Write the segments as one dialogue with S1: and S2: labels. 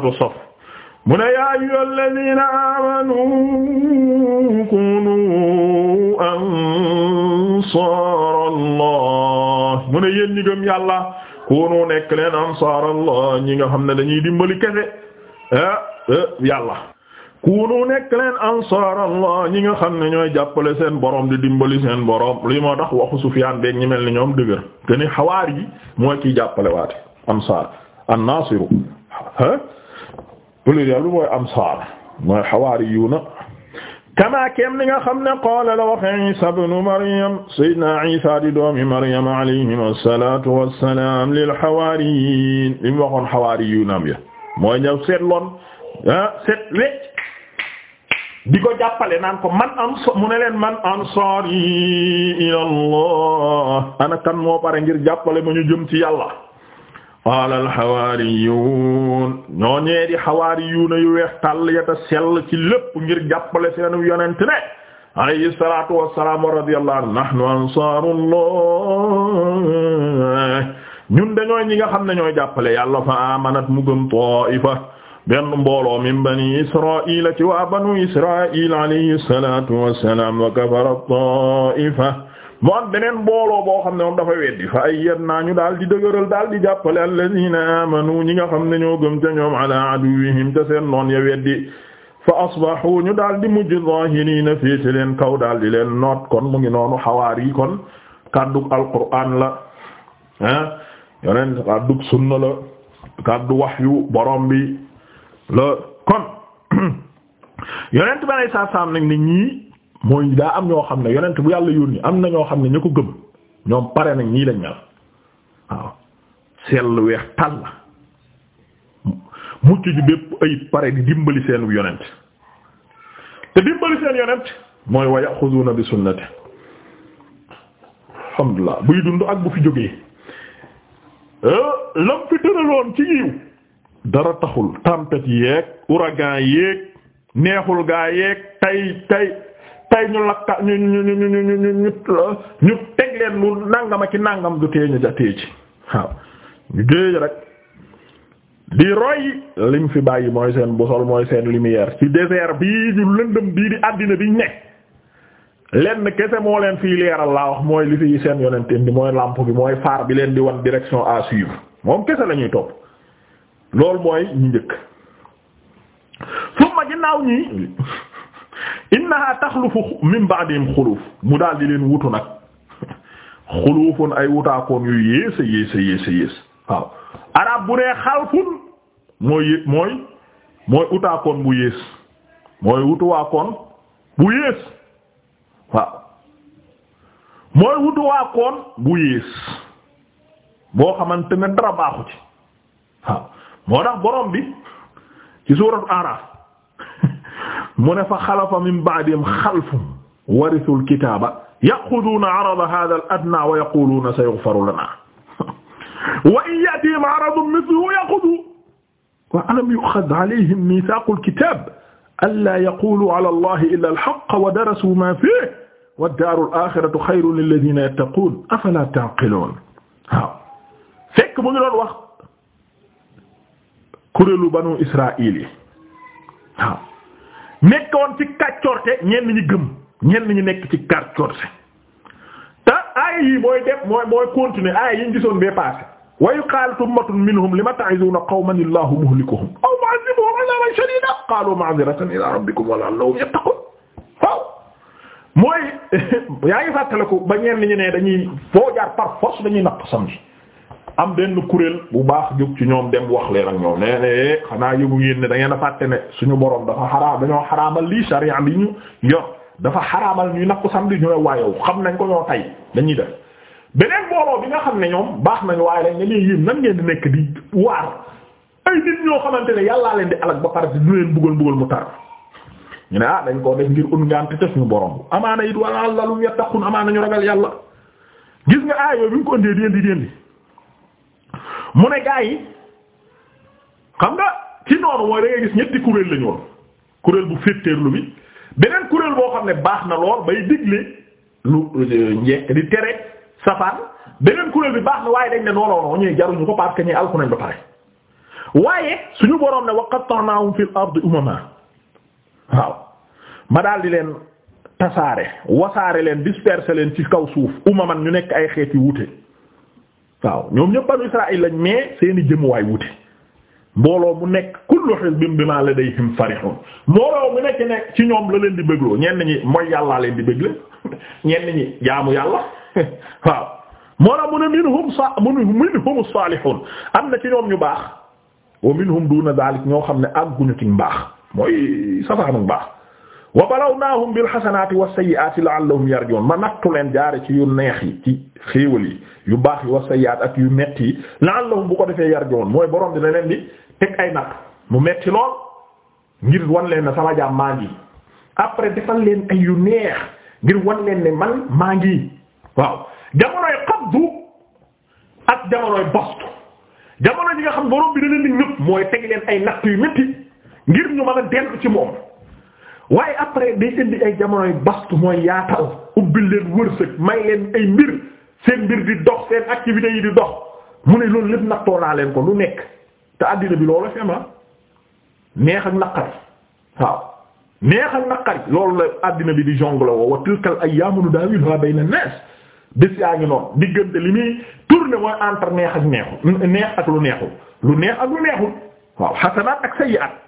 S1: suuratu saf mu ne yaa ayyuhal ladina amanu kunu ansaarallah mu ne yéen ñi gëm yàlla kunu nekk leen ansaarallah ñi nga xam ne dañuy dimbali kese ah eh, yàlla kunu nekk leen ansaarallah ñi nga xam ne ñooy jàppale seen borom di dimbali seen borom li moo tax waxu Sufyaan beeg ñi mel ni ñoom dëgër te ni xawaar yi moo ciy jàppale waate ansaar an-naasiru ah pluriel bi mooy ansaar mooy xawaariyuuna kamaa kem li nga xam ne qaala la wax Iisa ibnu Maryam sayyidinaa Iisa di doomi Maryam alayhim assalaatu wassalaam lil xawaariyiin li mu waxoon xawaariyuuna am ya mooy ñëw seetloon ah seet lécc di ko jàppale naan ko man ansaar mu ne leen man ansaari ilallah ana kan moo pare ngir jàppale ma ñu jëm ci yàlla qaala alxawaariyuun ñoo ñee di xawaariyuuna yu weex tàll yata sell ci lépp ngir jàppale seenu yonent ne alayhi salaatu wassalaam wa radiyallahu anhu nahnu ansaarullah ñun dañooy ñi nga xam ne ñooy jàppale yàlla fa amanat mu gëm taifa benn mbooloo min bani israila ci waa banu israil alayhi salaatu wassalaam wa kafara taifa mu am beneen mbooloo boo xam ne moom dafa weddi fa naa ñu daal di dëgëral daal di jàppale alladina amanu ñi nga xam ne ñoo gëm ca ñoom ala aduwihim ca seen noon ya weddi fa asbahu ñu daal di mujj zahirina féete leen kaw daal di leen noot kon mu ngi noonu xawaar yi kon kàddu alquraan la ah yoneen kàddu sunna la kàddu waxyu borom la kon yonent ba nay saam nag ni ñii mooy daa am ñoo xam ne yonent bu yàlla yónni am na ñoo xam ne ñoo ko gëm ñoom pare nañ ñii lañ mel waaw sell weex tàll mucc ju bépp ayib pare di dimbali seen yonent te dimbali seen yonent mooy wa yaxuzuuna bi sunnati alhamdulilah buy dund ak bu fi jógee euh, lam fi tëraloon ci yiw dara taxul tempête yeeg ouragan yeeg neexul gaa yeeg tay tay tey ñu lakka ñu ñu ñu ñu ñu ñu ñu teg leen lu nangama ci nangam du tee ñu ja tee ci waaw ñu géej rek di roy lim fi bàyyi mooy seen boussole mooy seen lumière ci désert bii ñu lëndëm bii di àddina biñ ne lenn kese moo leen fii leeral laa wax mooy li fi seen yonent indi mooy lampe bi mooy phare bi leen di wan direction à suivre moom kese la ñuy topp loolu mooy ñu njëkk suma ginnaaw ñi innaha taxlufu min ba'dihim xuluf mu daal di leen wutu nag xulufun ay wutaakoon yu yées a yées a yées a yées waaw arab bu nee xalfun mooy mooy mooy mooy wutuwaakoon bu yées bu yées boo xamante ne dara baaxu ci waaw moo tax borom bi ci suuratu Araf mu ne fa xalafa min ba'dihim xalfun warisul kitaaba yaxuduuna arada hada al adna wa yaquluuna sayughfaru lana wa in ya'tihim aradun mithluhu yaxudu wa alam yu'xad alayhim mithaaqul kitaab allaa yaquluu ala allahi illa alhaqqa wa darasuu maa fiihi wa daarul aaxiratu xayrun lilladiina yattaquun afalaa ta'qiluun waaw fekk mu ngi doon wax kuréelu banu Israa'iil waaw nekkoon ci kàccoorte ñenn ñi gëm ñenn ñi nekk ci kàccoorte te aaya yi mooy def mooy mooy continuer aaya yi ñu gisoon bee passé wa yuqaalatu ummatun minhum lima ta'izuna qawman illahu muhlikuhum aw mu'adhibuhum 'adaban shadidan qaalu ma'ziratan ila rabbikum wa la'allahum yattaqun waaw mooy yaa ngi fàttaliku ba ñenn ñi ne dañuy foo jaar par force dañuy napp samedi am denn kuréel bu baax jóg ci ñoom dem wax leen ak ñoom nee ne eh, xanaa yëgu ngeen ne da ngeen a ne suñu boroom dafa xaraam dañoo xaraamal lii sariya bi ñu yor dafa xaraamal ñuy napp samedi ñu ne waayow xam nañ ko ñoo tey dañuy def xam ne ñoom baax nañ waaye rek nga ngeen di nekk di waar ay nit ñoo xamante ne yàllaa leen di alak ba pare du leen buggal mu tar ñu ne ah dañ koo def ngir un ngante te suñu borom amaana it wala lalum yattaqun amaana ñu ragal yàlla gis nga aayoo bi nga ko ëndee di déendi mu ne gaa yi xam nga ci noonu mooy da gis ñetti kuréel lañu woon kuréel bu féeteerlu bi beneen kuréel boo xam ne baax na lool bay digle lu euh, njekk di tere safaan beneen kuréel bi baax na waaye dañ ne nooloo ñuy jaruñu ko parce que ñuy alku nañ ba pare waaye suñu boroom ne wa qatta'nahum fil ardi umama waaw ma daal di leen tasaare wasaare leen disperser leen ci kaw suuf umaman ñu nekk ay xeet yu wuute waaw ñoom ñëpp banu Israël lañ mais seeni jëmuwaay wute mbooloo mu nekk kullu hizbin bimaa ladayhim farihun mbooloo mu nekk ne ci ñoom la leen di bégloo ñenn ñi mooy yàllaa leen di bégle ñenn ñi jaamu yàlla waaw moo tax mu ne minhum sa minhum salihun am na ci ñoom ñu baax wa minhum duna dalik ñoo xam ne àgguñu ci baax mooy safaanu baax wa balawnaahum bil xasanaati was sayyi'aati la'allahum yarji'uun ma nattu leen jaare ci yu neex yi ci xéewal yi yu baax yi was sayyi'aat ak yu metti yi la'allahum bu ko defee yarji'uun mooy borom dina leen di teg ay natt mu metti lool ngir wan leen ne sama jaam maa ngi après defal leen ay yu neex ngir wan leen ne man maa ngi waaw jamonoy qabdu ak jamonoy bastu jamono ji nga xam bi dina leen di ñëpp mooy teg leen ay natt yu metti ngir ñu mën a dellu ci moom. waaye après day indi ay jamonoy bastu mooy yaatal ubbil leen wërsëg may leen ay mbir seen mbir di dox seen activités yi di dox mu ne loolu lépp nattoo naa leen ko lu nekk te àddina bi loolu fi ma ah. neex ak naqari waaw neex ak naqari loolu la àddina bi di jongle woo wa tilkal ayyaamu nudaawiluhaa bayna naas bés yaa ngi noonu diggante li muy tourné mooy entre neex ak neexu neex ak lu neexul lu neex ak lu neexul waaw xasanaat ak sayyi'aat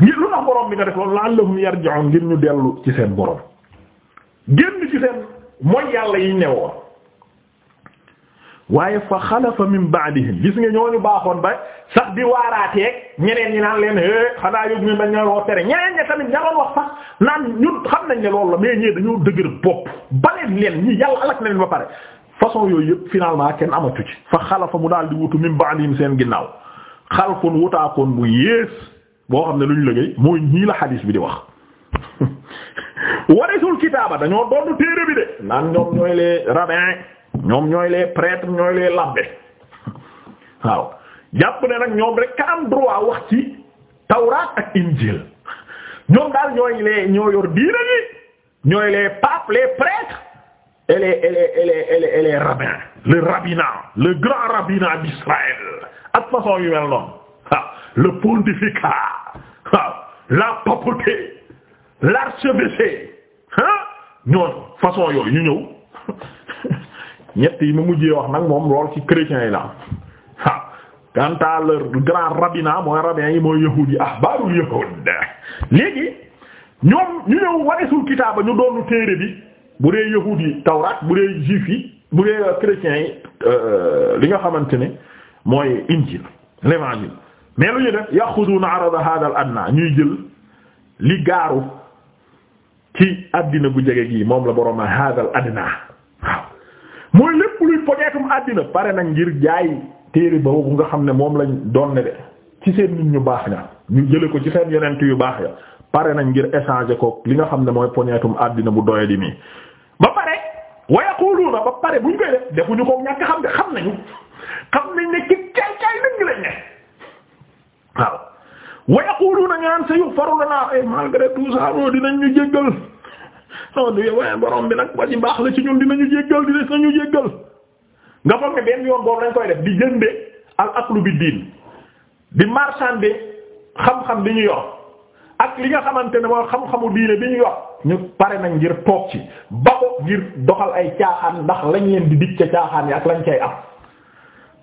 S1: ngir lu tax borom bi nga def loolu la'allahum yarji'un ngir ñu dellu ci seen borom génn ci seen mooy yàlla yi newoon waaye fa xalafa min ba'dihim gis nga ñooñu baaxoon ba sax di waaraateeg ñeneen ñi naan leen é eh, xanaa yóg ñu dañ leen woo tere ñeneen ña tamit ña doon wax sax naan ñun xam nañ ne loolu la mais ñee dañoo dëgër bopp baleen leen ñi yàlla alak na leen ba pare façon yooyu yëpp finalement kenn amatu ci fa xalafa mu daal di wutu min ba'dihim seen ginnaaw xalfun wutaakoon bu yées boo xam ne lu ñu liggéey mooy ñii la xadiis bi di wax warisul kitaaba dañoo doon téere bi de naan ñoom ñooy les rabbins ñoom ñooy les prêtres ñooy les labbés waaw ne nag ñoom rek ka am droit wax ci tawraat ak injil ñoom daal ñooy les ñoo yor diina ñooy les papes les prêtres et les et les et les et le rabbinat le grand rabbinat d'Israël ak façon yu mel noonu waaw le pontificat waaw la papauté l'archevêché ah ñoon façon yooyu ñu ñëw ñett yi ma mujjee wax nag moom lool ci chrétiens yi la am waaw quant à leur grand rabbinat mooy rabbin yi mooy yahuud yi ahbaarul yahuud léegi ñoom ñu ñëw wareesul kitaaba ñu doonu téere bi bu dee yahuud yi tawraat bu dee juif yi bu dee chrétiens yi euh, li nga xamante ne mooy injil l'évangile mais lu ñu def yaxuduuna arada hada al ñuy jël li gaaru ci àddina bu jege gii moom la borooma hada al adna waaw mooy lépp luy poñeetum àddina pare nag ngir jaay téere ba bu nga xam ne moom lañ doon de ci seen nit ñu baax ña ñu jële ko ci seen yonent yu baax ya pare nañ ngir échanger ko li nga xam ne mooy poñeetum àddina bu doye di mi ba pare wa yaquluuna ba pare buñ koy def defuñu ko ñàkk xam ne xam nañ ne ci caay caay lañ lañ ne waaw wa yaquluna ñaan sa yughfaru lana eh, ay dinañ ñu jéggal non eh, borom bi nag waji baax la ci ñun dinañu jéggal dina nañu jéggal nga foog ne benn yoon boobu lañ koy def di jënde al aqlu bi di marchander xam-xam bi ñu yor ak li nga xamante ne mooy xam-xamu diine bi ñu ñu pare nañ ngir toog ci ba doxal ay caaxaan ndax lañ leen di dig ca yi ak lañ cay am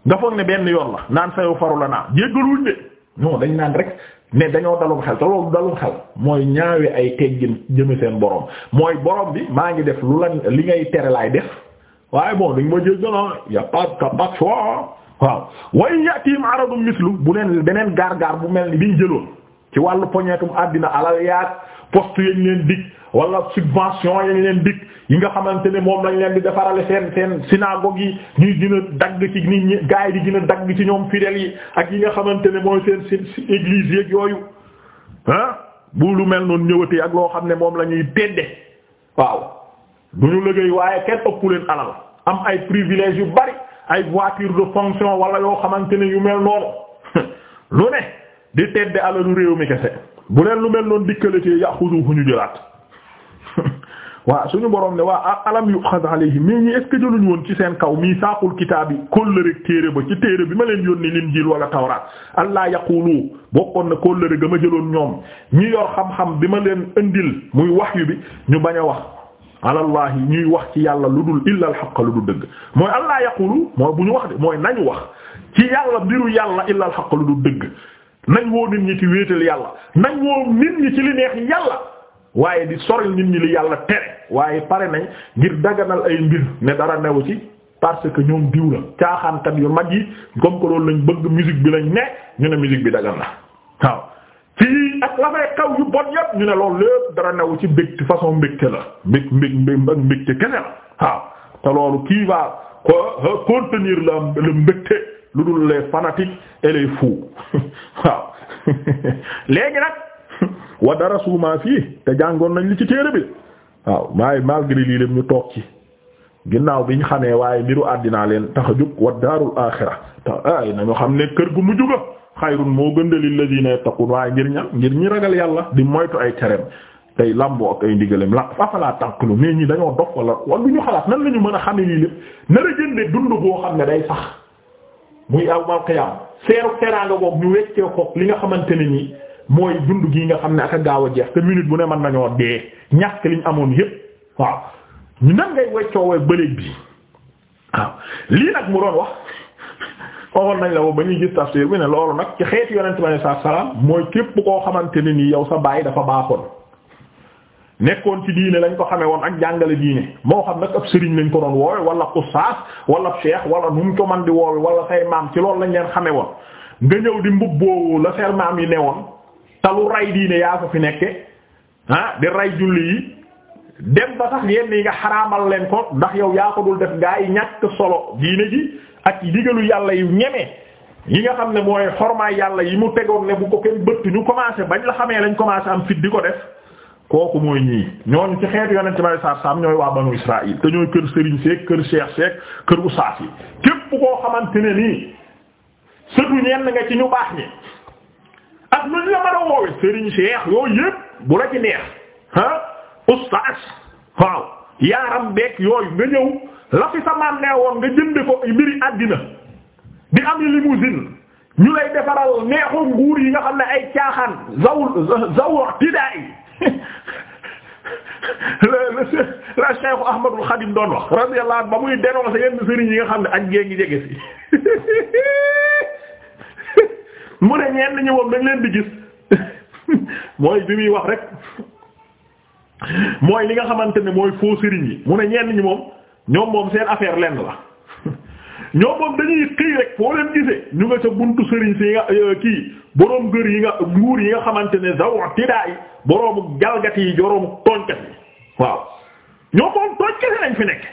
S1: nga ne benn yoon la naan sayu faru la naa jéggaluñ de non dañ naan rek ne dañoo dalum xel te loolu dalum xel mooy ñaawe ay teggin jëme seen borom mooy borom bi maa ngi def lu la li ngay tere laay def waaye bon dañ ma jël ah, y a pas de pas de choix ah. waaw way yatiim aradum mislu bu leen beneen gaar gaar bu mel ni biñ jëloon ci wàllu poñeetum àddina alal yaat poste yañ leen dig wala subvention yañ leen dig yi nga xamante ne moom lañ leen di defarale seen seen synagogue yi ñuy gën a dagg ci nit ñi gaay di gën dagg ci ñoom fidèles yi ak yi nga xamante ne mooy seen seen église yeeg yooyu ah bu lu mel noonu ñëwatee ak loo xam ne moom la ñuy tedde waaw du ñu liggéey waaye kenn ëpp leen alal am ay privilèges yu bari ay voiture de fonction wala yoo xamante ne yu mel noonu lu ne di tedde alalu réew mi kese. bu leen lu mel noon noonu dikkalatee yaxudu fu ñu jëlaat waa suñu borom ne waa alam yu xas alayhim mais ñi est ce jëluñu woon ci seen kaw mii saakul kitaab yi kóllëre téere ba ci téere bi ma leen yónni Linjiil wala Tawraat allah yaqulu bokkoon na kóllëre ga ma jëloon ñoom ñi yor xam-xam bi ma leen indil muy wax yu bi ñu bañ a wax alallahi ñuy wax ci yàlla lu dul illa alxaq lu dul dëgg mooy allah yaqulu mooy bu ñu wax de mooy nañu wax ci yàlla mbiru yàlla illa alxaq lu dul dëgg nañ woo nit ñi ci wéetal yàlla nañ woo nit ñi ci li neex yàlla waaye di soril nit ñi li yàlla tere waaye pare nañ ngir daganal ay mbir ne dara newu ci parce que ñoom diw la caaxaankat yu mag yi comme que loolu lañ bëgg musique bi lañ ne ñu ne musique bi dagan na waaw fii ak la fay xaw yu bon yépp ñu ne loolu lépp dara newu ci mbégte façon mbégte la mbég mbég mbég mbégte kese la waaw te loolu kii va contenir la le mbégte lu dul les fanatiques et les waaw léegi nag wa darasu ma fii te jàngoon nañ li ci téere bi waaw waaye malgré lii lépp ñu toog ci ginnaaw bi ñu xamee waaye ngiru àddina leen tax a jóg wa daarul aaxira tax ay nañu xam ne kër gu mu juga xayrun moo gëndalil ladina yattaqun waaye ngir ña ngir ñi ragal yàlla di moytu ay tereem tey lamboo ak ay ndigalem la afalaa tànqlu mais ñi dañoo dox wala wala du ñu xalaat nan la mën a xamee lii lépp nar a jëndee muy awmal qiyaam seeru teraanga boobu ñu weccee ko li nga xamante ne nii mooy dund gii nga xam ne ak a gaaw a jeex te minute bu ne mën nañoo dee ñàkk liñ amoon yëpp waaw ñu nan ngay weccoo wee bëleeg bi waaw lii nag mu doon wax waxoon nañ la woo ba ñuy gis tafsir bi ne loolu nag ci xeeti yonent bi sallallahu alayhi wasallam mooy képp koo xamante ne nii yow sa baay dafa baaxoon. nekkoon ci diine lañ ko xamee woon ak jàngale diine moo xam nag ab sëriñ lañ ko doon woowe wala ustaas wala cheikh wala nu mu ko man di woowe wala say maam ci loolu lañ leen xamee woon nga ñëw di mbubboo la seen maam yi ne woon te lu ray diine yaa ko fi nekke ah di ray julli yi dem ba sax yenn yi nga xaraamal leen ko ndax yow yaa ko dul def gaa yi ñàkk solo diine ji ak digalu yàlla yu ñeme yi nga xam ne mooy xormaay yàlla yi mu tegoon ne bu ko kenn bëtt ñu commencé bañ la xamee lañ commencé am fit di ko def kooku mooy ñii ñooñu ci xeetu yonent bi saa saam ñooy waa banu Israël te ñooy kër Serigne Seck kër Cheikh Seck kër Oustaz yi képp koo xamante ne nii surtout ñenn nga ci ñu baax ñi ak lu ñu la mën a woowe sëriñ Cheikh yooyu yëpp bu la ci neex ah Oustaz waaw yaaram beek yooyu nga ñëw la fi sa maam nee woon nga jënd ko mbiri àddina di am limousine ñu lay defaral neexu nguur yi nga xam ne ay caaxaan zawul zawul tidaay la Cheikh Ahmadul Xadim doon wax radiyallahu anhu ba muy denoo sa yenn sëriñ yi nga xam ne ak gée ngi jege si mu ne ñenn ñi moom dañ leen di gis mooy bi muy wax rek mooy li nga xamante ne mooy faux sëriñ yi mu ne ñenn ñi moom ñoom moom seen affaire lenn la ñoo moom dañuy xëy rek foo leen gisee ñu nga sa buntu sëriñ si nga euh, kii boroom gër yi nga nguur yi nga xamante ne zaw tidaay boroomu galgati yi joroomu tooñkat yi waaw ñoo moom tooñkat lañ fi nekk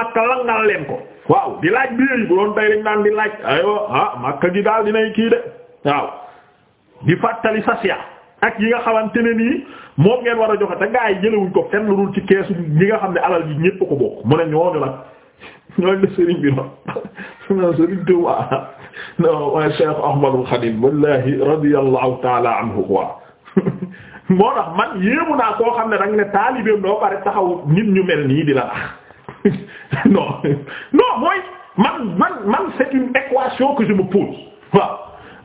S1: Makka langal leen ko waaw di laaj bi yi bu doon tey dañ naan di laaj aywa ah Makka gi daal dinay kii de waaw di fàttali sasiya ak yi nga xamante ne nii moom ngeen war a joxe te gaa yi jëlewuñ ko fenn lu dul ci keesu ñi nga xam ne alal ji ñépp ko bokk mu ne ñooñu nag ñooñu la Serigne bi noonu Serigne Touba non waaye Cheikh Ahmadul Khadim wallahi radiyallahu taala anhu wa moo tax man yéemu naa koo xam ne danga ne taalibeem doo pare taxaw nit ñu mel nii di la tax non non mooy man man man c'est équation que je me waaw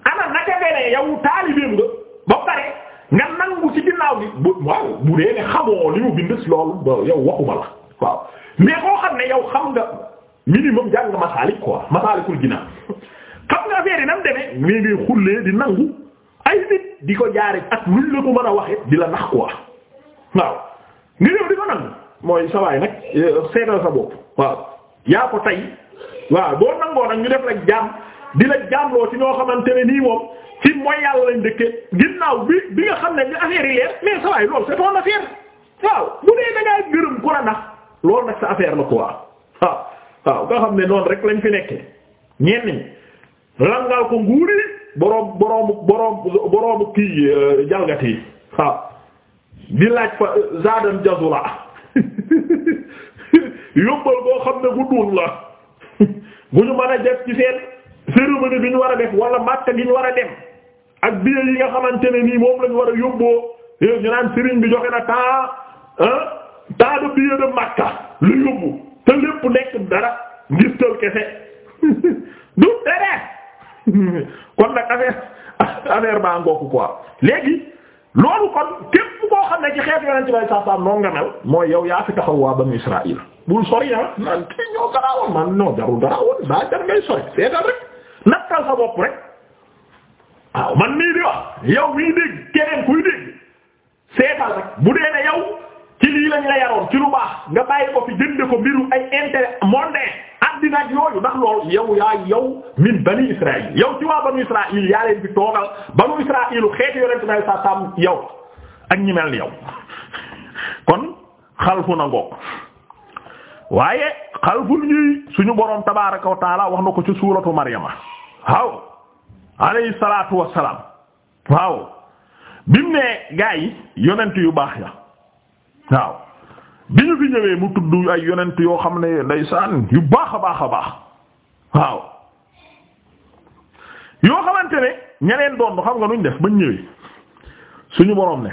S1: ana naka beneen yow taalibeem nga ba pare nga nangu ci ginnaaw bi bu waaw bu dee ne xamoo li mu bind loolu yow waxuma la waaw mais koo xam ne yow xam nga minimum jàng nga masaalik di di ko jaare ak luñ di la nax waaw nga ñëw di ko nangu mooy sawaay nag euh, seetal sa bopp waaw yaa ko tay waaw boo nangoo nag ñu def la jaam di la jaamloo ci ñoo xamante ne nii moom ci mooy yàlla lañ dëkke ginnaaw bi bi nga xam ne ñu affaire yi leer mais sawaay loolu c'est ton affaire waaw bu dee da gërëm ku la nax nag sa affaire la quoi waaw waaw nga xam ne noon rek lañ fi nekke ñenn ñi langal ko nguuri boroom boroomu boroom boroomu kii euh, jalgati waaw di laaj fa euh, zaadam jazula yóbbal boo xam ne bu duun la bu ñu mën a def ci seen cérémonie bi ñu war a def wala màkk gi ñu war a dem ak biir yi nga xamante ne nii moom la war a yóbboo eh, ñu naan sëriñ bi joxe na temps ah temps de billet de Makka lu yóbbu te lépp nekk dara ngir tël kese du dara kon nag affaire affaire baa ngooku quoi léegi. loolu kon képp koo xam ne ci xeetu yonent bi saa saa noo nga mel mooy yow yaa fi taxaw waa banu Israël bul sori ah, naan kii ñoo garaawoon man jarul garaawoon daa jar ngay seetal rek nattal sa rek waaw man nii di wax yow mii dégg keneen kuy dégg seetal rek bu dee ne yow ci lii lañ la yaroon ci lu baax nga bàyyi ko fi jënde ko mbiru ay intérêt mondain addina yooyu ndax loolu yow yaa yow min bani Israël yow ci waa banu Israël yaa leen fi toogal banu Israël xeeti yonent bi sa sam yow ak ñi mel ni yow kon xalfu na ngoog waaye xalful ñuy suñu boroom tabaaraka wa taala wax na ko ci suuratu Maryama waaw alayhi salaatu wassalaam waaw bimu ne gaa yi yonent yu baax ya waaw bi ñu fi ñëwee mu tudd ay yonent yoo xam ne ndeysaan yu baax a baax a baax waaw yoo xamante ne ñeneen doon xam nga nuñ def bañ ñëwee suñu boroom ne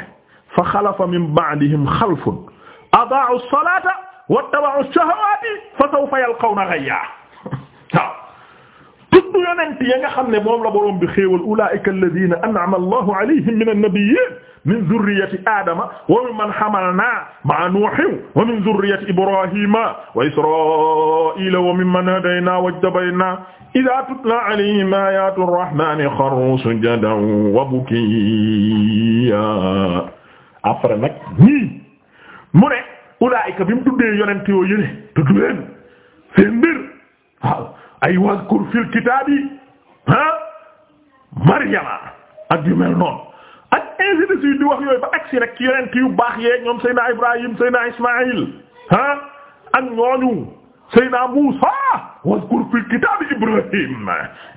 S1: fa xalafa min ba'dihim xalfun adaa'u as-salaata wattaba'u ash-shahawaati fa sawfa yalqawna ghayya waaw tudd yonent ya nga xam ne moom la borom bi xéewal ulaa'ika alladhiina an'ama allahu alayhim mina nabiyyiin min zurriyyati aadama wa mimman hamalnaa ma'a nuuhin wa min zurriyyati ibraahiima wa israa'iila wa mimman hadaynaa wajtabaynaa idhaa tutlaa alayhim aayaatu rahmaani xarruu sujadan wa bukiyyan après nag ñii mu ne ulaa'ika bi mu tuddee yonent yoo yële tudd leen seen mbir waaw ay wazkur fil kitaabi ah Maryama ak yu mel noonu ak ainsi de suite di wax yooyu ba agsi rek ci yonent yu baax yee ñoom Seydina Ibrahim Seydina Ismaïl ah ak ñooñu Seydina Muusa wazkur fil kitaabi Ibrahim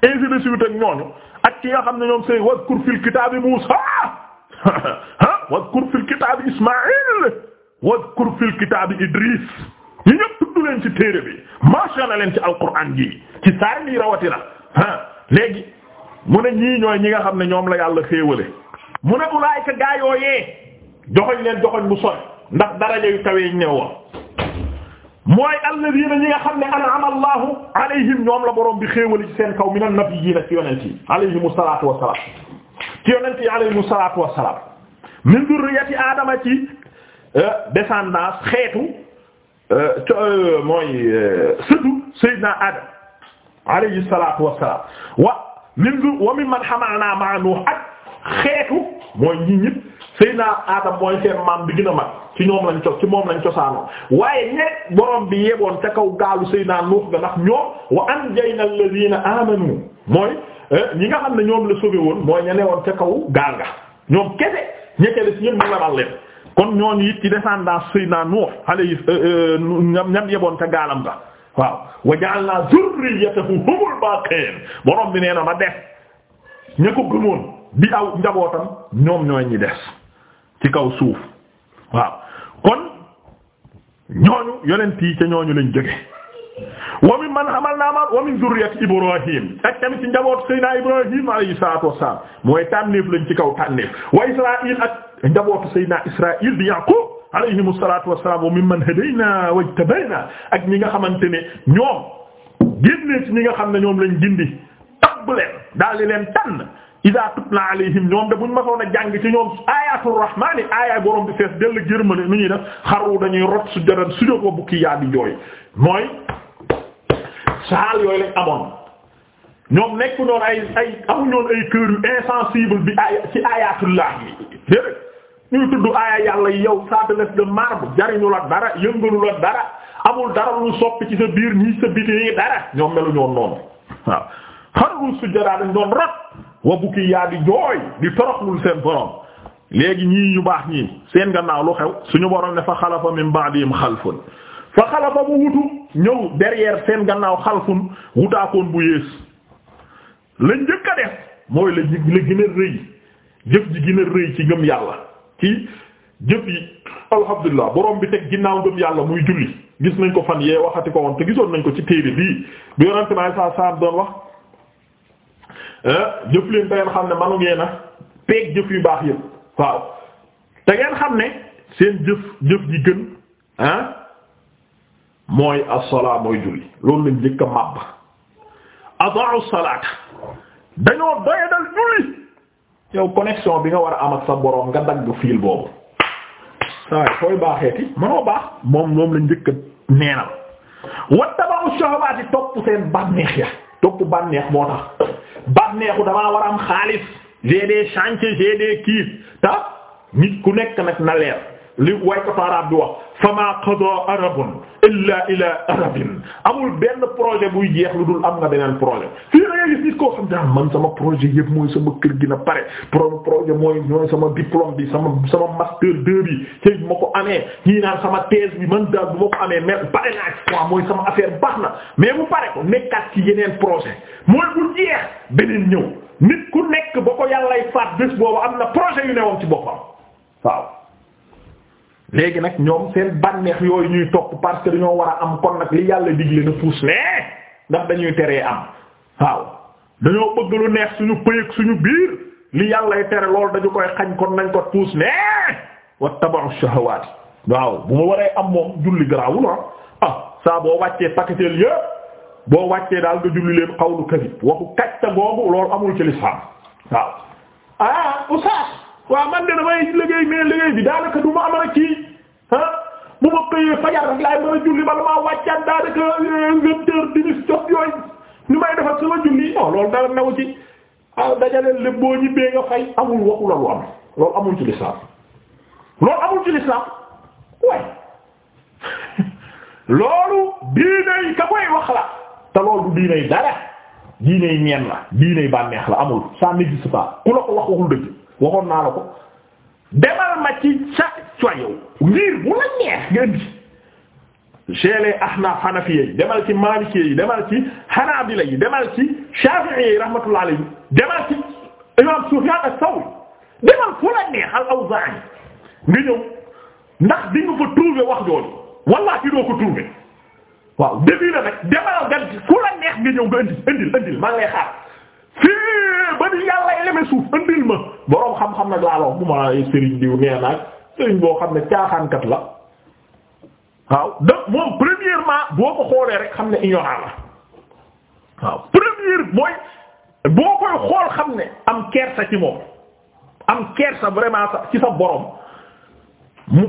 S1: ainsi de suite ak ñooñu ak ki nga xam ne ñoom Sey wazkur fil kitaabi Muusa ah wazkur fil kitaabi Ismaïl wazkur fil kitaabi Idris. ñu ñëpp tudd leen ci téere bi mentionné na leen ci alquran ji ci saar bi rawatina ah léegi mu ne ñii ñooy ñi nga xam ne ñoom la yàlla xéewale mu ne ulaayka gaa yooyee joxoñ leen joxoñ mu sori ndax daraja yu kawe ñu ne woon mooy alladina ñi nga xam ne an'ama allahu alayhim ñoom la borom bi xéewale ci seen kaw minan nabiyyiina ci yonent yi alayhimu salaatu wassalaam ci yonent yi alayhimu salaatu wassalaam min durriyati aadama ci euh, descendance xeetu Euh, euh, mooy euh, sëtu Seydina Adam alayhi salaatu wassalaam wa min wa mimman hamalnaa ma'a Nuuh ak xeetu mooy ñi ñëpp Seydina Adam mooy seen maam bi gën a mag ci ñoom lañ moom lañ cosaanoo waaye ñett borom bi yeboon ca kaw gaalu Seydina Nuuh ga ndax ñoom wa anjaynaa allaziina mooy ñi nga xam ne ñoom la sauvé woon mooy ña ne ca kaw gaal ga ñoom kese ña ca des ñëpp ñu labal leen kon ñooñu it ci descendance naa Nuux alayhi euh, euh, ñam ñam yeboon ca gaalam ga waaw wa ja'alna zurriyatahu humul baaqiin borom bi nee na ma def ña ko gëmoon bi aw njabootam ñoom ñooy ñi des ci kaw suuf waaw kon ñooñu yonent yi ca ñooñu lañ jóge wa min man hamalna ma wa min zurriyati Ibrahim ak tamit ci njaboot Seydina Ibrahim alayhi salaatu wassalaam mooy tànneef lañ ci kaw tànneef wa Israa'iil ak njabootu Seydina Israël di Yaqub alayhimu salaatu wassalaam wa mimman hadayna wajtabayna ak ñi nga xamante ne ñoom génne ci ñi nga xam ne ñoom lañ gindi tabb leen daal di leen tànn idaa tutla alayhim ñoom de buñ masoon a jàng ci ñoom ayatu rahmaani aaya borom bi fees dell gërma ne nu ñuy def xaru dañuy rot su jaran su jóg wa bukki yaa di jooy mooy saal yooyu lañ amoon ñoom nekk ñoon ay ay amuñoon ay cœur yu insensible bi ay ci ayatullah yi déedéet ñuy tudd aaya yàlla yow ça te laisse de marbre jariñu la dara yëngalu la dara amul dara lu soppi ci sa biir ñii sa biti dara ñoom meluñu woon noonu waaw xarul sujjadaa dañ doon rot wa bukki yaa di jooy di toroxlul seen borom léegi ñii ñu baax ñii seen gannaaw lu xew suñu waroon ne fa xalafa min ba'dihim xalfun fa xalafa bu wutu ñëw derrière seen gannaaw xalfun wutaakoon bu yées la njëkk a def mooy la la a rëy jëf ji gën a rëy ci ngëm yàlla ci jëf yi alhamdulilah borom bi teg ginnaaw ngëm yàlla muy julli gis nañ ko fan yee waxati ko woon te gisoon nañ ko ci téere bii bi yonente may sa saam doon wax eh, jëf leen te ngeen xam ne manu ngeen a peeg jëf yu baax yëpp waaw te ngeen xam ne seen jëf jëf yi gën ah mooy as-salaa mooy julli loolu lañ njëkk a màbb adaa'u salaata dañoo doyadal julli yow connexion bi nga war a am ak sa borom nga dagg fil boobu waaye fooy baaxeeti mënoo baax moom moom la njëkk a neenal wattaba'u shahawaati topp seen bànneex ya topp bànneex moo tax bànneexu damaa war am xaalis j'ai des chantiers j'ai des kiis ta nit ku nekk nag na leer li waykatu arab bi wax fama qada arabun illa ila arabin amul benn projet buy jeex lu dul am nga beneen projet fii da ngay nit koo xam daan man sama projet yëpp mooy sama kër gi na pare pro projet mooy mooy sama diplôme bi sama sama master 2 bi tey ma ko amee ñii naan sama bi man daal bu ma ko amee mais pare naa ci quoi mooy sama affaire baax na mais mu pare ko nekkaat ci yeneen projet mooy bu jeex beneen ñëw nit ku nekk ba ko yàllay faat bés boobu am na projet yu newoon ci boppam waaw léegi nag ñoom seen bànneex yooyu ñuy topp parce que dañoo war a am kon nag li yàlla digle na puus lee ndax dañuy teree am waaw dañoo bëgg lu neex suñu pëyëg suñu biir li yàllay tere loolu dañu koy xañ kon nañ ko puus nee wattaba'u shahawaati waaw bu ma waree am moom julli garaawul ah ah saa boo wàccee paketeel yëpp boo wàccee daal nga julli leen xawlu kadib waxu kàcca googu lool amul ci lislaam waaw ah oustaz waaw man de damay liggéey mais liggéey bi daanaka du ma amal kii ah bu ma payee fajar laay mën a julli bala maa wàccaat daanaka euh, vingt heures dix jot yooyu ñu may defar sama julli non loolu dara new ci ah, amul waxu la lu am loolu lislaam loolu amul ci lislaam way loolu diiney ka koy wax la te loolu du diiney dara diiney ñeen la diiney bànneex la amul ça n'existe pas ku la ko wax waxul dëgg waxoon naa la ko demal ma ci sa coyow ngir bu la neex nga indi gele ahna hanafiya yi demal ci malikiya yi demal ci hanabila yi demal ci shafi'iyya yi rahmatullah alayhi demal ci imam sufyan as-sawri demal fu neex al-awza'i nga ñëw ndax di nga fa trouver wax jooju wallahi doo ko trouver waaw demal nga ku neex nga ñëw nga indil indil indil maa ngi fii ba di yàlla yi leme suuf ma boroom xam-xam nag laa la bu ma sëriñ diw nee sëriñ boo xam ne caaxaankat la waaw da moom premièrement boo ko xoolee rek xam ne ignorant la waaw première mooy boo koy xool xam ne am kersa ci moom am kersa vraiment ci sa borom mu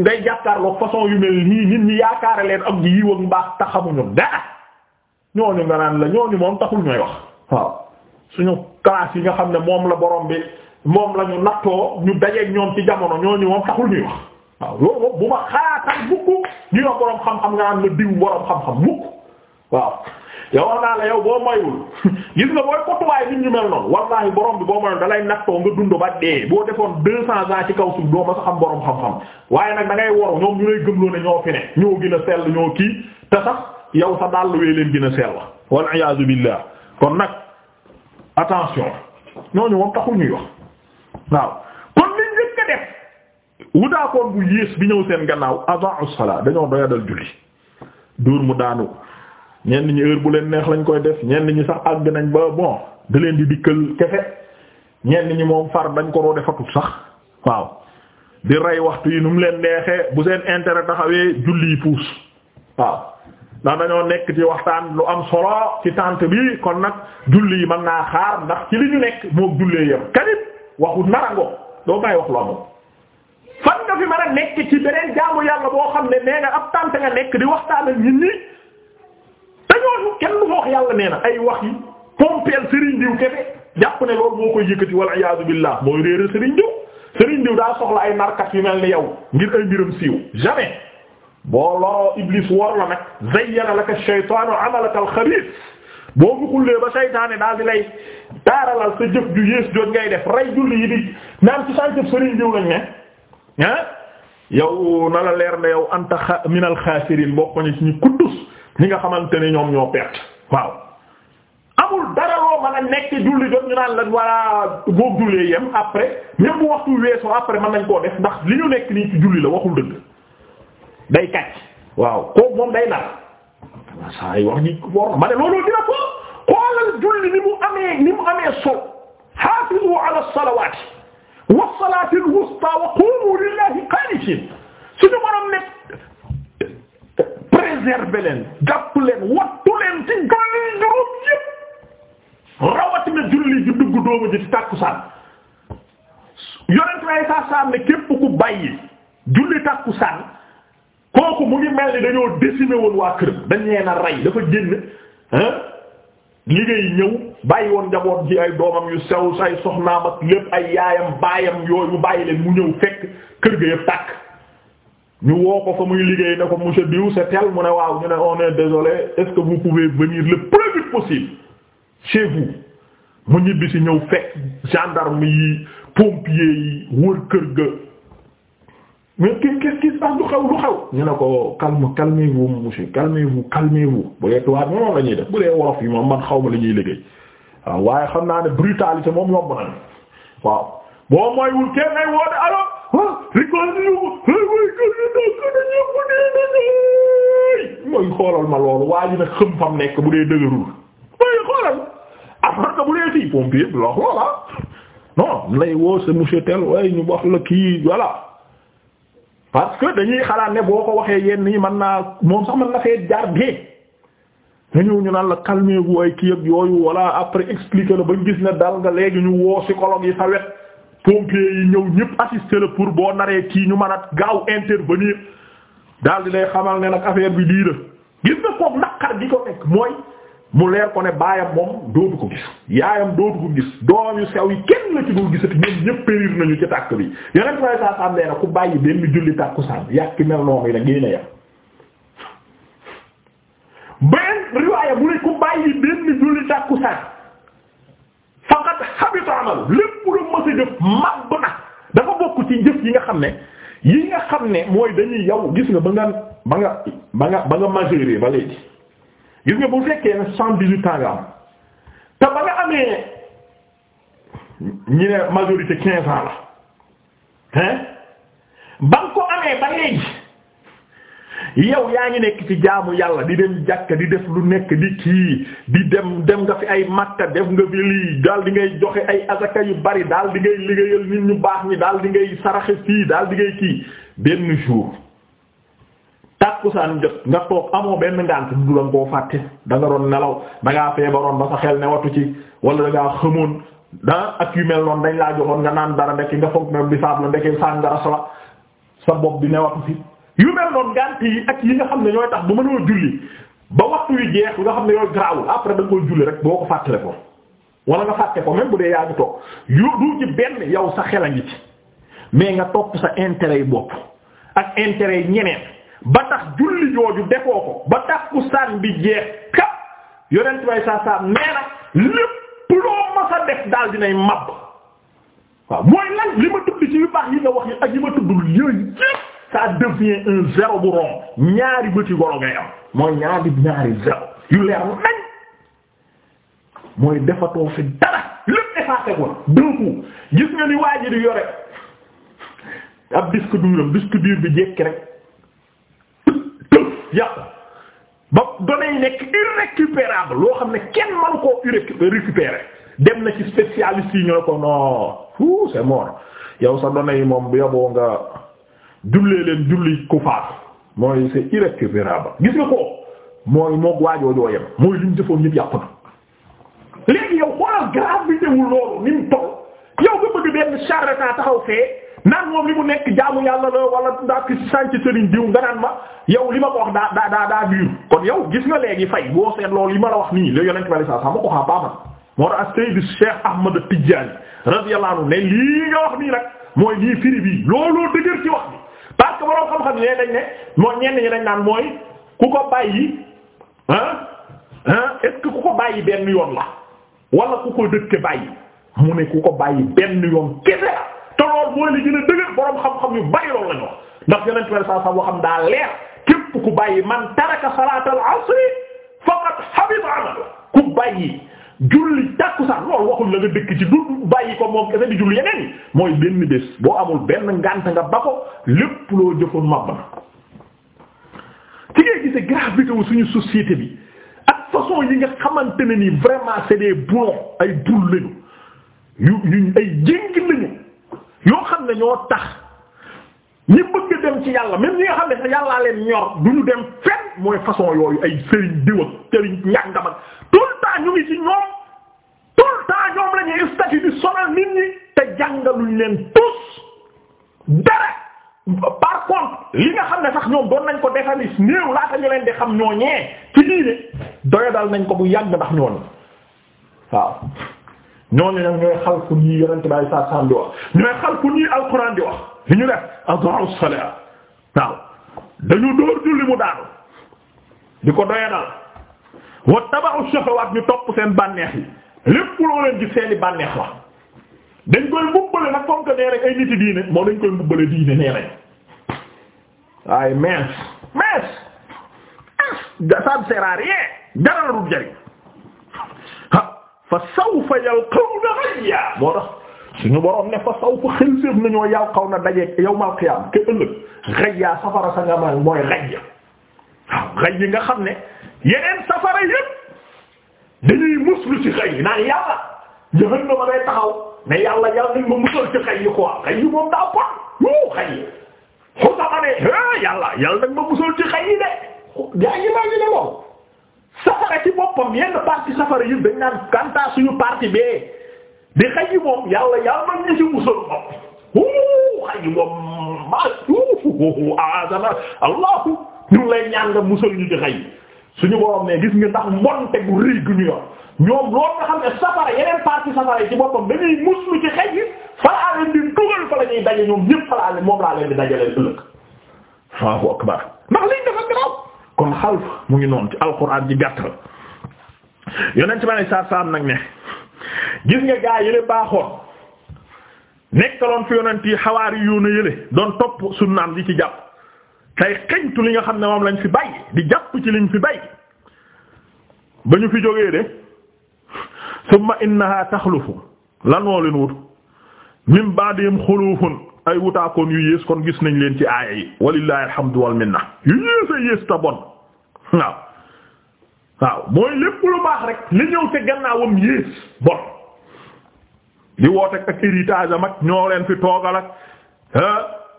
S1: ngay jàkkaarloo façon yu mel nii nit ñi yaakaare ak yiw ak mbaax taxamuñu dara nga naan la ñooñu moom taxul ñooy wax waaw suñu classe yi nga xam ne moom la borom bi moom lañu ñu nattoo ñu dajeeg ñoom ci jamono ñooñu moom taxul ñuy wax waaw loolu bu ma xaatal mukk ñu nga borom xam-xam nga am na diw borom xam-xam mukk waaw yow wax naa la yow boo mayul gis nga booy kotuwaay nit ñu mel noonu wallahi borom bi boo mayul da lay nattoo nga dund ba dee boo defoon deux cents ans ci kaw suuf doo sa xam borom xam-xam waaye nag da ngay waru ñoom ñu lay gëmloo ne ñoo fi ne ñoo gën a sell ñoo kii gën a sell wal iyaazu attention ñooñu moom taxul wax waaw kon liñ njëkk a def wutaakoon bu yées bi ñëw seen gannaaw adaa'u salaa dañoo doyadal julli duur mu daanu ñenn ñi heure bu leen neex lañ koy def ñenn ñi sax àgg nañ ba bon da leen di dikkal kefe ñenn ñi moom far dañ ko doon defatul sax waaw di rey waxtu yi nu mu leen neexee bu seen intere taxawee julli yi puus waaw. ndax dañoo nekk ci waxtaan lu am solo ci tànt bi kon nag julli yi mën naa xaar ndax ci li ñu nekk moo jullee yam kanit waxu narango doo bàyyi wax lu amul fan nga fi mën a nekk ci beneen jaamu yàlla boo xam ne nee nga ab tànt nga nekk di waxtaan ak nit ñi te ñooñu kenn du wax yàlla nee na ay wax yi pompeel Serigne Diw kefe jàpp ne loolu moo koy yëkkati wal iyaadu billah mooy réere Serigne Diw Serigne Diw daa soxla ay narkat yu mel ni yow ngir ay boo loroo iblis wor la nag zayyana laka shaytaanu amalaka alxabiis boo mu xullee ba saytaane daal di lay taaralal sa jëf ju yées jooj ngay def rey julli yi di naan ci sànq sëriñ diw lañ ne ah yow na la leer na yow ant xa minal xaasiriin bokk ñu ci ñu kuddus ñi nga xamante ne ñoom ñoo perte waaw. amul dara loo mën a nekk julli jot ñu naan lan wala boo jullee yem après même bu waxtu weesoo après mën nañ koo def ndax li ñu nekk nii ci julli la waxul dëgg. day kàcc waaw kooku moom day nar saa wax ji war ma ne loolu dina ko xoolal julli ni mu amee ni mu amee sol hafizu ala salawati wa salati alwusta wa qumu lillahi qanitin suñu borom ne préserver leen jàpp leen wattu leen ci julli juróom yépp rawatina julli ju dugg doomu ji ci tàkkusaan yonent lay saa saam ne képp ku bàyyi julli tàkkusaan kooku mu ngi mel ni dañoo décimé woon waa këram dañ leen a rey dafa génn liggéey ñëw bàyyi woon njaboot ji ay doomam yu sew say soxnaam ak lépp ay yaayam baayam yooyu bàyyi leen mu ñëw fekk kër ga yëpp tàkk ñu woo ko fa muy liggéey ne ko monsieur Diou c'est tel mu ne waaw ñu ne on est désolé est-ce que vous pouvez venir le plus vite possible chez vous mu ñibbi si ñëw fekk gendarme yi pompier yi wër kër ga mais qu'est-ce qu'est-ce qui du xew du xew ñu ne ko calme calmez-vous monsieur calmez-vous calmez-vous bu dee tubaab moom man xaw ma la ñuy liggéey waaw waaye xam naa ne brutalité moom yomb nañu waaw boo mooywul kenn ay woote alo ah récolte mooy xoolal ma loolu waa ji xëm fam nekk bu dee dëgërul mooy xoolal après bu dee fii pompier bi lox loola non lay woo sa monsieur tel waaye ñu wax la kii voilà. parce que dañuy xalaat ne boo ko waxee yenn yi man naa moom sax mën na fee jaar dee nga ñëw ñu naan la calmer gu ay kii ak yooyu wala après expliquer la bañ gis ne dal nga léegi ñu woo psychologue yi sa wet pompier yi ñëw ñëpp assister la pour boo naree kii ñu man a gaaw ba intervenir daal di lay xamal ne nag affaire bi lii la gis nga kooku naqar gi ko nekk mooy mu leer ko ne baayam moom dootu ko gis yaayam dootu ko gis doom yu sew yi kenn la ci dul gisati ñoom ñëpp périr nañu ci tàkk bi yeneen trois cent ans leer ku bàyyi benn julli tàkkusaan yàq mel noonu yi riwaaya bu ne ku bàyyi benn julli tàkkusaan faqat habita amal lépp lu mës a jëf na dafa bokk ci jëf yi nga xam ne yi nga xam ne mooy dañuy yow gis nga ba nga ba nga ba nga ba ba léegi. gis nga bu fekkee ne soixante-dix-huit ans nga am te ba nga amee ñu ne majorité quinze ans la hein ba nga ko amee ba léegi yow yaa ngi nekk ci jaamu yàlla di dem jàkka di def lu nekk di kii di dem dem nga fi ay makka def nga fi lii daal di ngay joxe ay azaka yu bari daal di ngay liggéeyal nit ñu baax ñi daal di ngay saraxe fii daal di ngay kii benn jour tàkkusaan jot nga toog amoo benn ngànt du danga koo fàtte da nga doon nelaw da ngaa feebaroon ba sa xel ne watu ci wala da ngaa xamoon da ak yu mel noonu dañ laa joxoon nga naan dara ndekki nga foog ne bisaab la ndekki sàngara sala sa bopp bi ne watu ci yu mel noonu ngànt yi ak yi nga xam ne ñooy tax ba mënoo julli ba waxtu yu jeex nga xam ne yooyu garaawul après da nga koy julli rek boo ko fàttale ko wala nga fàtte ko même bu dee yaa toog yu du ci benn yow sa xel a ci mais nga topp sa intérêt yi bopp ak intérêt yi ñeneen ba tax julli jooju defoo ko ba tàkkusaan bi jeex kap yonent way saa saa nee na lépp loo masa def daal dinay màbb waaw mooy lan li ma tudd ci yu baax yi nga wax yi ak yi ma tuddul yooyu yépp ñaari bëti mooy ñaari ñaari zéro yu leer nañ mooy defatoo fi dara lépp effacé ko dënku gis nga ni waa ji di yore ab disque duram disque dur bi jekki rek yàqu ba données nekk irrécupérable loo xam ne kenn manu koo récupérer dem na ci spécialiste yi ñoo ko non fu c'est mort yow sa données moom bu yoboo nga jullee leen julli ku faatu mooy c'est irrécupérable gis nga ko mooy moog waajoojoo yem mooy li ñu defoon ñëpp na léegi yow xoolal gravité wu loolu ni mu toll yow nga bëgg benn charrette taxaw fee naan moom li mu nekk jaamu yàlla la wala daa ki sànc sëriñ diw nga naan ma yow li ma ko wax daa daa daa kon yow gis nga léegi fay boo seet loolu yi ma la wax nii la yonent bi saa saa ma ko xaa baaman moo tax Seydi Cheikh Ahmad Tidiane radiyallahu anhu ne lii nga wax nii nag mooy lii firi bii looloo dëgër ci wax bi parce que borom xam-xam ne dañ ne moo ñenn ñi naan mooy ku ko bàyyi ah ah ku ko bàyyi benn yoon la wala ku mu ne ku ko bàyyi te loolu mooy li gën a dëgër xam-xam yu bari loolu la ndax yeneen tuwel saa sax waxam daa leer képp ku bàyyi man taraka salaatal asri faqad habita amalu ku bàyyi julli tàkkusaan loolu waxul la nga dëkk ci du bàyyi ko moom kese di julli yeneen yi mooy benn bés boo amul benn ngànt nga ba ko lépp loo jëfoon màbb na ci ngay gise gravité suñu société bi ak façon yi nga xamante ne ni vraiment c'est des bons ay bul lañu yu yu ay jéng lañu ñoo xam ne ñoo tax ñi bëgg dem ci yàlla même ñi nga xam ne sax yàllaa leen ñor du ñu dem fenn mooy façon yooyu ay sëriñ diw ak sëriñ ñàngam ak tout le temps nit ñi te jàngaluñ leen tous dara par contre li nga xam ne sax ñoom doon nañ ko defandi néew laata ñu leen di xam ñoo ñee ci diine doya nañ ko bu yàgg ndax ñoonu waaw ñoo nag ñooy xalku ñii yonente baay saa saam di wax ñooy xalku ñii alquran di wax li ñu def adaa'u dañu dóor julli mu daanu di ko doyadal wa shahawaat ñu topp seen bànneex yi lépp loo leen seeni bànneex la dañ koy mbubbale nag comme que nee rek ay diine moo dañ koy mbubbale diine nee waaye mees mees ah ça ne sert à rien jariñ fa sawfa yalqawna ghayya moo tax suñu borom fa sawfa xel séef nañoo yalqawna daje yawmal qiyaam ke ëllëg ghayya safara sa nga mooy ghayya waaw ghayya nga xam ne yeneen safara yépp dañuy muslu ci naan yàlla jahannama day taxaw mais yàlla yàlla nañ ma musal ci ghayya quoi ghayya moom daa pot wuu ne ah, yàlla yàlla ne lool safara ci boppam yenn parti safara yi dañ naan kanta suñu parti bee di xaj yi moom yàlla yàlla man ñu ci musal moom wuu xaj yi moom maa suufu aasana ah, allahu ñu lay ñaan nga musal ñu ci xaj suñu borom ne gis nga ndax mbonte gu rëy gu ñu ñoom loolu nga xam ne safara yeneen parti safara yi ci boppam dañuy muslu ci xaj yi falaa leen di dugal fa la ñuy moom laa leen di dajaleen ëllëg akbar kon xalf mu ngi noonu ci alxuraan ji gàttal yonent bi alayhi salaatu salaam nag ne gis nga gaa yële baaxoon nekkaloon fi yonent yi xawaari yoona yële doon topp sunnaam di ci jàpp tey xeñtu li nga xam ne moom lañ fi bay di jàpp ci liñ fi bay ba ñu fi jógee de summa innaha taxlufu lan moo leen wut min ba'dihim xulufun ay wutaakoon yu yées kon gis nañ leen ci aaya yi walillahi alhamdu wal yu yées a yées waaw waaw mooy lépp lu baax rek li ñëw te gannaawam yées bon li woote ak héritage am ak ñoo leen fi toogal ak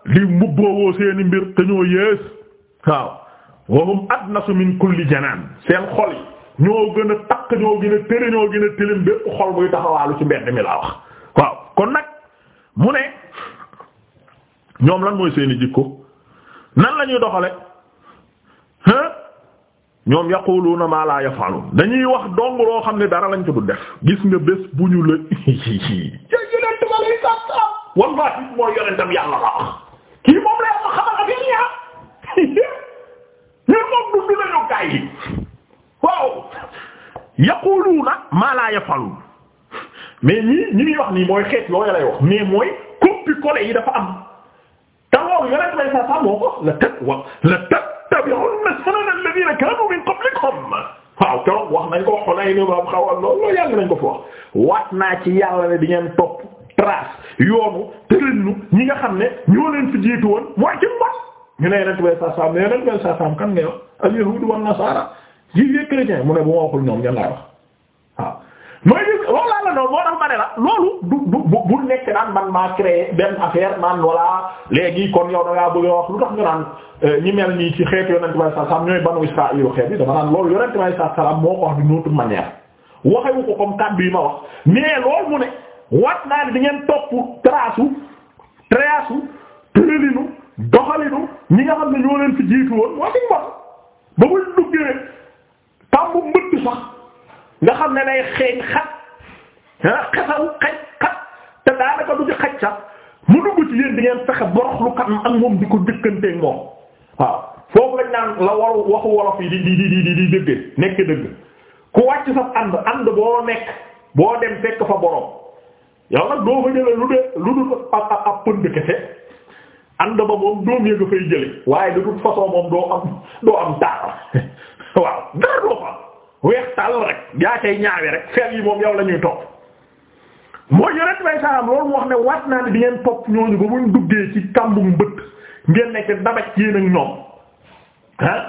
S1: li ah, mbubboowoo seeni mbir te ñoo yées waaw wahum adnasu min kulli janaan seen xol yi ñoo gën a takk ñoo gën a tëre ñoo gën a tilim bépp xol buy taxawaalu ci mbedd mi laa wax waaw kon nag mu ne ñoom lan mooy seeni jikko nan lañuy doxale ñoom yaquluuna maa laa yafaaluun dañuy wax dong loo xam ne dara lañ ko def gis nga bés bu ñu la ja yonent ba lay sàtta wallahi mooy yonentam yàlla la wax kii moom lay wax xamal maa laa yafaaluun mais ñii ñi muy wax nii mooy xeet yooyu lay wax mais mooy copie collé yi dafa am te yonent lay sàtta ko la tëg wa la tëg tattabi'unna sunana alladhina kanu min qablikum waaw keroog wax nañ ko xonay ni ba xaw a loolu yàgg nañ ko fi wax waat naa ci yàlla ne di ngeen topp trace yoonu tërënnu ñi nga xam ne ñoo leen fi jiitu woon mooy ci mbot ñu ne yonent bay saasaam ne yonent bay saasaam kan ngay wax al yahuud wan nasaara yi chrétien mu ne bu ma waxul ñoom ñan laay wax waaw mooy gis loolu laa la noonu moo tax ma ne la loolu du du bu nekk naan man maa créé benn affaire naan voilà léegi kon yow da ngaa bëgg a wax lu tax ñu naan euh, ñi mel nii ci xeetu yonent bi sallallahu alayhi ñooy banu Israayilu xeet bi dama naan loolu yonent bi sallallahu alayhi wasallam moo ko wax d'une autre manière waxewu ko comme kàddu yi ma wax mais loolu mu ne wat naa ne ngeen topp trace u trace doxalinu ñi nga xam ne ñoo leen fi woon waa ci ba muy duggee tàmbu nga xam ne day xeeñ xat ah xesaw xaj xat te daanaka du ci xaj sax mu dugg ci yéen di ngeen fexe boroxlu kanam ak moom di ko dëkkanteeg moom waaw foofu lañ naan la boo dem fekk fa borom yow nag doo fa jële lu de lu dul ab ab pënd kese ànd ba moom doom yëg fay jële waaye de toute façon moom doo am doo am dara waaw dara doo fa weex tàll rek yaa kay ñaawe rek fer yi moom yow la ñuy topp mooy yonent bay saam loolu mu wax ne waat naa ne di ngeen topp ñooñu ba buñ duggee ci kàmbum bët ngeen nekk dabaj yéen ak ñoom ah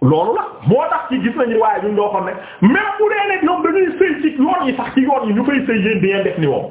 S1: loolu la moo tax ci gis nañu waaye ñun doo xam ne même bu dee ne ñoom dañuy sëy ci yoon yi sax ci yoon yi ñu fay sëy yéen di ngeen def ni moom